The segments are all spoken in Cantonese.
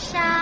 沙。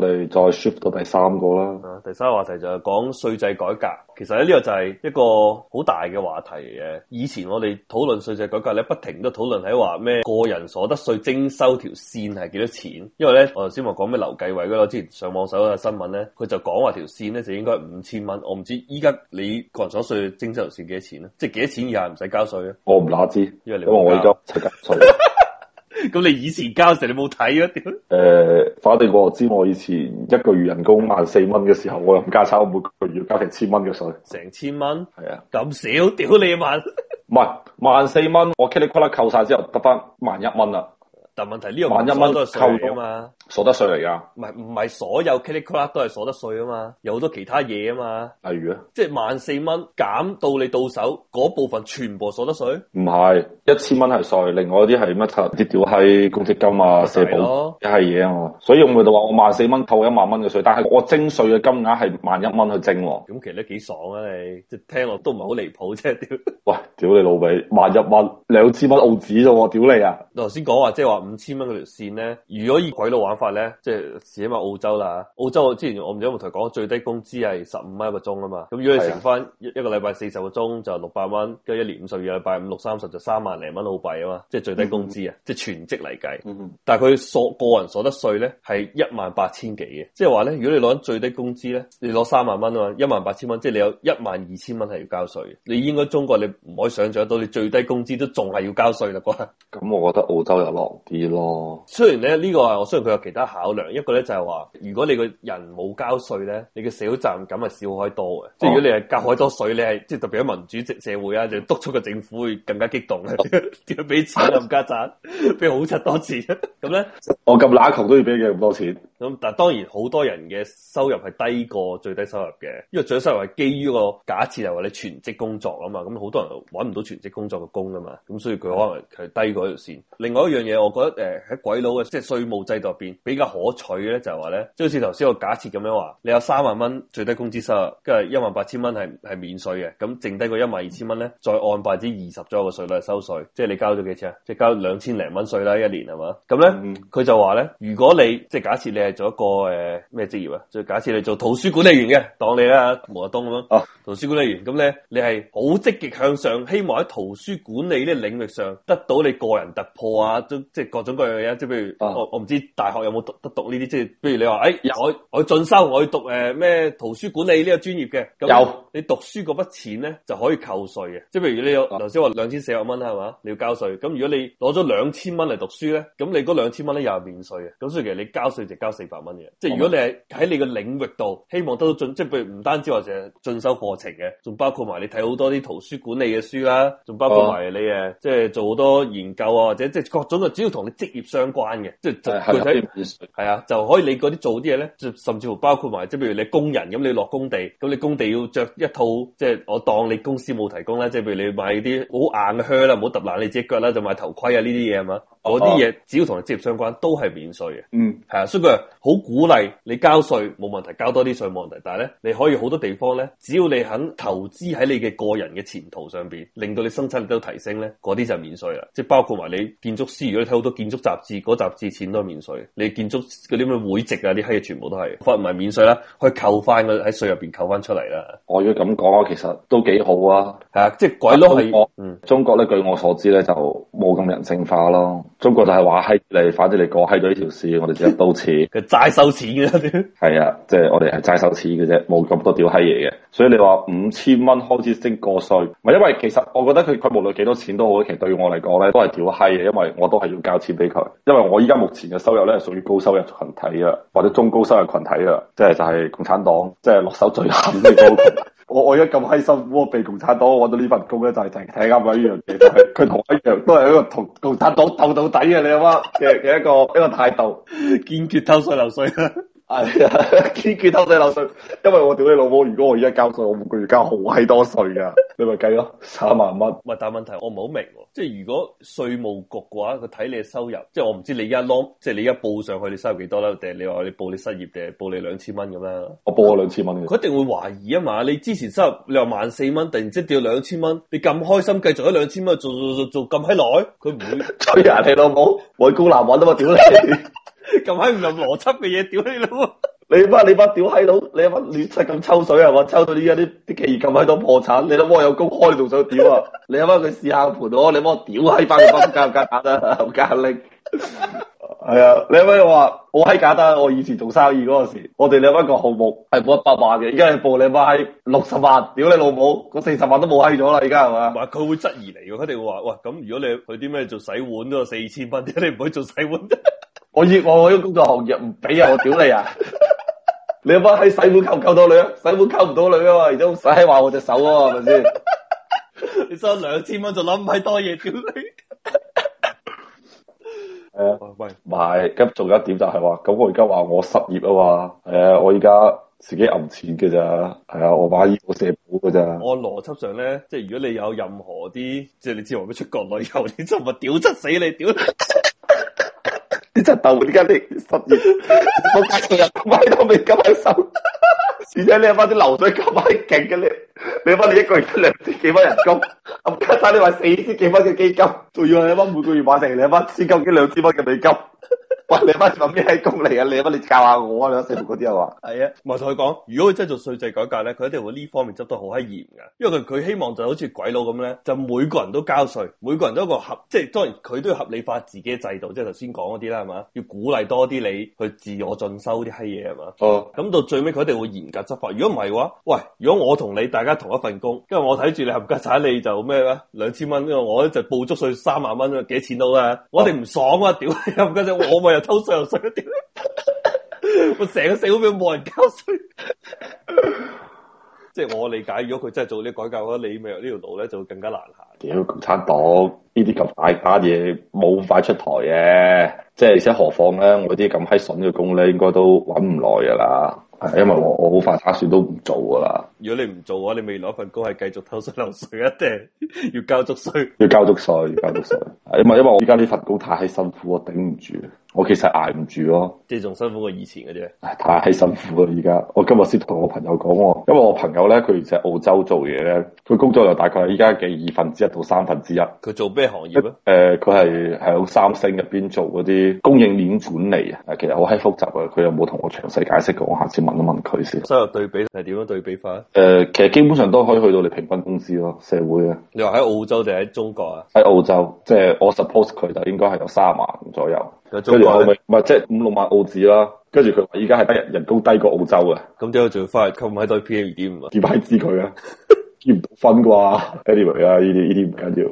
我哋再 s h i f 到第三個啦、啊。第三個話題就係講稅制改革。其實咧呢、這個就係一個好大嘅話題嘅。以前我哋討論稅制改革咧，不停都討論喺話咩個人所得稅徵收條線係幾多錢？因為咧我頭先話講咩劉繼偉嗰個，之前上網搜下新聞咧，佢就講話條線咧就應該五千蚊。我唔知依家你個人所得稅徵收條線幾多錢咧？即係幾多錢以下唔使交稅咧？我唔哪知，因為你因為我我而 咁你以前交時你冇睇啊？屌、嗯！反正我知我以前一個月人工萬四蚊嘅時候，我有加差，每個月要交成千蚊嘅稅，成千蚊。係啊，咁少， 屌你問？唔係萬四蚊，我茄哩咕啦扣晒之後，得返萬一蚊啦。但問題呢個、這個、萬一蚊都係稅啊嘛，所得稅嚟㗎，唔係唔係所有 kitty card 都係所得稅啊嘛，有好多其他嘢啊嘛，例如啊，即係萬四蚊減到你到手嗰部分全部所得稅？唔係一千蚊係稅，另外嗰啲係乜柒？啲屌係公積金啊、社 保一係嘢啊嘛，所以用我咪就話我萬四蚊扣一萬蚊嘅稅，但係我徵稅嘅金額係萬一蚊去徵喎、啊。咁其實、啊、都幾爽啊！你即係聽落都唔係好離譜，啫。屌。喂，屌你老味，萬一蚊兩千蚊澳紙啫喎，屌你啊！頭先講話即係話。就是五千蚊嗰條線咧，如果以鬼佬玩法咧，即係起碼澳洲啦，澳洲我之前我唔知有冇同佢講，最低工資係十五蚊一個鐘啊嘛，咁如果你乘翻一一個禮拜四十個鐘就六百蚊，跟住一年五十二個禮拜五六三十就三萬零蚊澳幣啊嘛，即係最低工資啊，即係全職嚟計。但係佢所個人所得稅咧係一萬八千幾嘅，即係話咧，如果你攞最低工資咧，你攞三萬蚊啊嘛，一萬八千蚊，即係你有一萬二千蚊係要交稅。你應該中國你唔可以想象得到，你最低工資都仲係要交稅啦啩？咁我覺得澳洲有狼啲。咯、這個，雖然咧呢個係我雖然佢有其他考量，一個咧就係、是、話，如果你個人冇交稅咧，你嘅社會責任感咁係少開多嘅，即係、哦、如果你係交開多稅，你係即係特別喺民主制社會啊，就督促個政府會更加激動咧，點樣俾錢啊唔加賺，俾好柒多錢，咁 咧呢我咁乸窮都要俾你咁多錢。咁但係當然好多人嘅收入係低過最低收入嘅，因為最低收入係基於個假設，就係話你全職工作啊嘛。咁好多人揾唔到全職工作嘅工啊嘛，咁所以佢可能係低過呢條線。另外一樣嘢，我覺得誒喺鬼佬嘅即係稅務制度入邊比較可取咧，就係話咧，即好似頭先我假設咁樣話，你有三萬蚊最低工資收入，跟住一萬八千蚊係係免稅嘅，咁剩低個一萬二千蚊咧，再按百分之二十左右嘅稅率收稅，即係你交咗幾錢啊？即係交兩千零蚊稅啦，一年係嘛？咁咧佢就話咧，如果你即係假設你做一個誒咩職業啊？就假設你做圖書管理員嘅，當你啦，毛澤東咁樣哦，啊、圖書管理員咁咧，你係好積極向上，希望喺圖書管理呢領域上得到你個人突破啊,都即係各種各樣嘅嘢，即係譬如、啊、我我唔知大學有冇得讀呢啲，即係譬如你話誒、哎，我我進修，我要讀誒咩、呃、圖書管理呢個專業嘅，有你讀書嗰筆錢咧就可以扣稅嘅，即係譬如你有頭先話兩千四百蚊係嘛，你要交稅，咁如果你攞咗兩千蚊嚟讀書咧，咁你嗰兩千蚊咧又係免稅嘅，咁所以其實你交稅就交稅。四百蚊嘅，即係如果你係喺你個領域度，希望得到進，即係譬如唔單止話淨係進修課程嘅，仲包括埋你睇好多啲圖書管理嘅書啦，仲包括埋你誒，oh. 即係做好多研究啊，或者即係各種嘅，只要同你職業相關嘅，即係具體係啊，就可以你嗰啲做啲嘢咧，即甚至乎包括埋即係譬如你工人咁，你落工地咁，你工地要着一套，即係我當你公司冇提供啦，即係譬如你買啲好硬嘅靴啦，唔好揼爛你隻腳啦，就買頭盔啊呢啲嘢係嘛？嗰啲嘢只要同你職業相關，都係免稅嘅。嗯，係啊，所以佢話好鼓勵你交稅冇問題，交多啲稅冇問題。但係咧，你可以好多地方咧，只要你肯投資喺你嘅個人嘅前途上邊，令到你生產力都提升咧，嗰啲就免稅啦。即係包括埋你建築師，如果你睇好多建築雜誌，嗰、那個、雜誌錢都係免稅。你建築嗰啲咩會籍啊，啲閪全部都係發埋免稅啦，去扣翻個喺稅入邊扣翻出嚟啦。我如果咁講啊，其實都幾好啊。係啊，即係鬼佬係中國咧，據我所知咧，就冇咁人性化咯。中國就係話閪你，反正你過閪咗呢條線，我哋就一刀切，就齋 收錢嘅啫。係啊，即係我哋係齋收錢嘅啫，冇咁多屌閪嘢嘅。所以你話五千蚊開始徵個稅，唔係因為其實我覺得佢佢無論幾多錢都好，其實對於我嚟講咧都係屌閪嘅，因為我都係要交錢俾佢。因為我依家目前嘅收入咧係屬於高收入群體啊，或者中高收入群體啊，即係就係共產黨，即係落手最狠呢個我我而家咁開心，我俾共產黨，我搵到呢份工咧，就係睇睇啱唔啱呢樣嘢。佢同我一樣，都係一個同共產黨鬥到底啊！你話，嘅嘅一個一個態度，堅 決偷稅漏稅。係啊，堅決偷仔漏稅，因為我屌你老母，如果我而家交稅，我每個月交好閪多稅噶，你咪計咯，三萬蚊。唔係，但問題我唔好明喎，即係如果稅務局嘅話，佢睇你嘅收入，即係我唔知你而家攞，即係你而家報上去你收入幾多啦？定係你話你報你失業，定係報你兩千蚊咁樣？我報咗兩千蚊佢一定會懷疑啊嘛，你之前收入兩萬四蚊，突然間掉兩千蚊，你咁開心繼續喺兩千蚊做做做做咁閪耐，佢唔會。吹啊， 你老母，穩工難穩啊嘛，屌你！ 咁喺唔諗邏輯嘅嘢，屌 你老母！你阿你阿屌閪佬，你阿媽亂七咁抽水係嘛？抽到依家啲啲企業咁喺度破產，你老母有公開仲想屌啊？你阿媽佢試下盤我，你阿媽屌閪翻佢翻加唔加單？唔加拎？係啊！你阿媽話好閪簡單，我以前做生意嗰陣時，我哋你阿媽個項目係冇一百萬嘅，而家係報你阿媽六十萬，屌你老母，個四十萬都冇閪咗啦！而家係嘛？佢會質疑你嘅，佢哋會話，喂，咁如果你去啲咩做洗碗都有四千蚊，點解你唔可以做洗碗。我熱愛我呢個工作行業唔俾啊！我屌你啊！你阿冇喺洗碗溝唔溝到你啊？洗碗溝唔到你啊嘛？而家唔使話我隻手喎、啊，係咪先？ 你收兩千蚊就諗起多嘢，屌你！誒，喂，唔係咁，仲有一點就係話，咁我而家話我失業啊嘛？誒、uh,，我而家自己揞錢嘅咋？係啊，我買醫保社保嘅咋？我邏輯上咧，即係如果你有任何啲，即係你知我咩出國旅遊，你真做乜屌柒死你屌你？屌你 你真逗，點解你十年冇解？成日買都美金喺手，而且你阿媽啲流水咁閪勁嘅，你你阿媽你一個月得兩千幾蚊人工，加晒你話四千幾蚊嘅基金，仲要你阿媽每個月買成兩蚊千金，跟經兩千蚊嘅美金。喂，你班做咩喺工嚟啊？你班你教下我啊，你四六嗰啲係嘛？係啊， 咪同佢講，如果佢真係做稅制改革咧，佢一定會呢方面執得好閪嚴噶。因為佢佢希望就好似鬼佬咁咧，就每個人都交稅，每個人都一個合，即係當然佢都要合理化自己嘅制度，即係頭先講嗰啲啦，係嘛？要鼓勵多啲你去自我進修啲閪嘢，係嘛？哦，咁到最尾，佢一定會嚴格執法。如果唔係嘅話，喂，如果我同你大家同一份工，因為我睇住你合格，就你就咩咧？兩千蚊，因為我咧就報足稅三萬蚊，幾錢都啦？ 我哋唔爽啊！屌，合唔合格，我偷稅漏稅啊！屌， 我成個社會冇人交稅，即係我理解，如果佢真係做啲改革嘅話，你未咪呢條路咧就更加難行。屌，共產黨呢啲咁大把嘢冇法出台嘅，即係而且何況咧，我啲咁閪筍嘅工咧，應該都揾唔耐噶啦，係因為我我好快打算都唔做噶啦。如果你唔做嘅話，你未攞份工係繼續偷稅漏稅一定要交足稅 要交足稅，交足稅。係咪因為我而家呢份工太辛苦，我頂唔住。我其實捱唔住咯，即係仲辛苦過以前嗰啲。太、哎、辛苦啦！而家我今日先同我朋友講喎，因為我朋友咧佢就喺澳洲做嘢咧，佢工作又大概依家嘅二分之一到三分之一。佢做咩行業咧？誒、呃，佢係喺三星入邊做嗰啲供應鏈管理啊。其實好閪複雜啊。佢有冇同我詳細解釋過，我下次問一問佢先。收入對比係點樣對比法咧、呃？其實基本上都可以去到你平均工資咯，社會啊。你話喺澳洲定喺中國啊？喺澳洲，即係我 suppose 佢就應該係有三萬左右。跟住我咪，唔即係五六萬澳紙啦。跟住佢話而家係低人工低過澳洲嘅。咁之、嗯、後仲要翻去吸一堆 PM 二點五啊？點解知佢啊？結 唔到婚啩？anyway 啊，呢啲呢啲唔緊要。